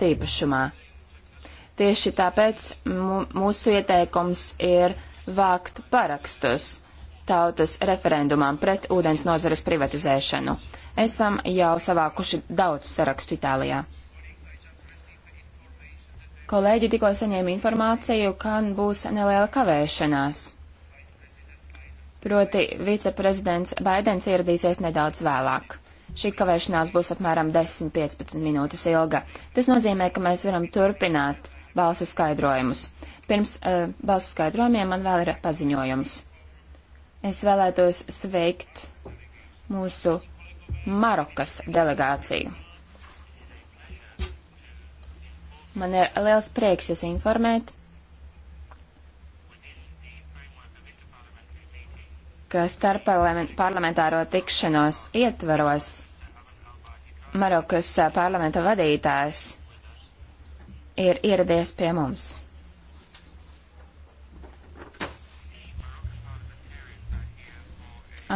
valsts īpašumā. Tieši tāpēc mūsu ieteikums ir vākt parakstus tautas referendumam pret ūdens nozares privatizēšanu. Esam jau savākuši daudz sarakstu Itālijā. Kolēģi tikko saņēma informāciju, ka būs neliela kavēšanās. Proti viceprezidents Baidens ieradīsies nedaudz vēlāk. Šī kavēšanās būs apmēram 10-15 minūtes ilga. Tas nozīmē, ka mēs varam turpināt balsu skaidrojumus. Pirms uh, balsu skaidrojumiem man vēl ir paziņojums. Es vēlētos sveikt mūsu Marokas delegāciju. Man ir liels prieks jūs informēt, ka starp parlamentāro tikšanos ietvaros Marokas parlamenta vadītājs ir ieradies pie mums.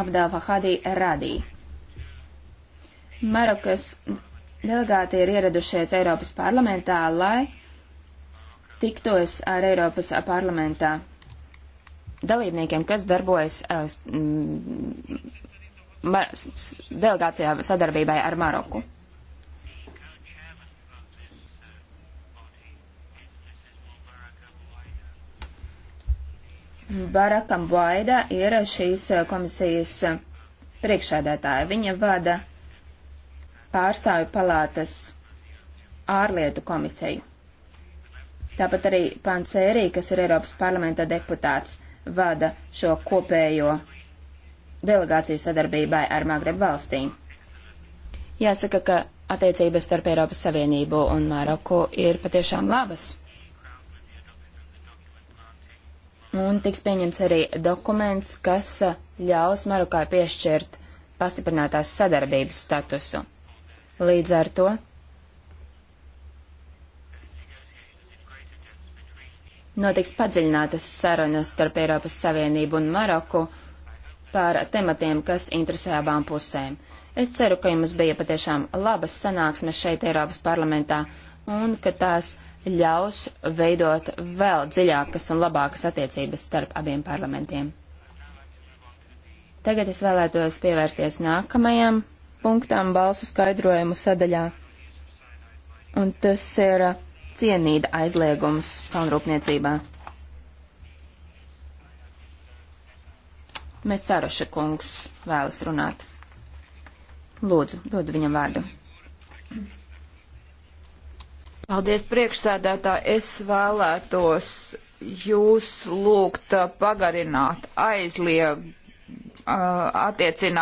Abdāva Hadī Radī. Marokas delegāti ir ieradušies Eiropas parlamentā, lai tiktos ar Eiropas parlamentā dalībniekiem, kas darbojas delegācijā sadarbībai ar Maroku. Barakam Vaida ir šīs eh, komisijas eh, priekšsēdētāja. Viņa vada pārstāvju palātas ārlietu komisiju. Tāpat arī Pansērī, kas ir Eiropas parlamenta deputāts, vada šo kopējo delegāciju sadarbībai ar Magreb valstīm. Jāsaka, ka attiecības starp Eiropas Savienību un Maroku ir patiešām labas. Un tiks pieņemts arī dokuments, kas ļaus Marokai piešķirt pastiprinātās sadarbības statusu. Līdz ar to notiks padziļinātas sarunas starp Eiropas Savienību un Maroku par tematiem, kas interesē abām pusēm. Es ceru, ka jums bija patiešām labas sanāksmes šeit Eiropas parlamentā un ka tās ļaus veidot vēl dziļākas un labākas attiecības starp abiem parlamentiem. Tagad es vēlētos pievērsties nākamajam punktam balsu skaidrojumu sadaļā. Un tas ir cienīda aizliegums kalnrūpniecībā. Mēs Sāroša kungs vēlas runāt. Lūdzu, dodu viņam vārdu. Paldies, priekšsēdētā. Es vēlētos jūs lūgt pagarināt aizliegumu uh, attiecinājumu.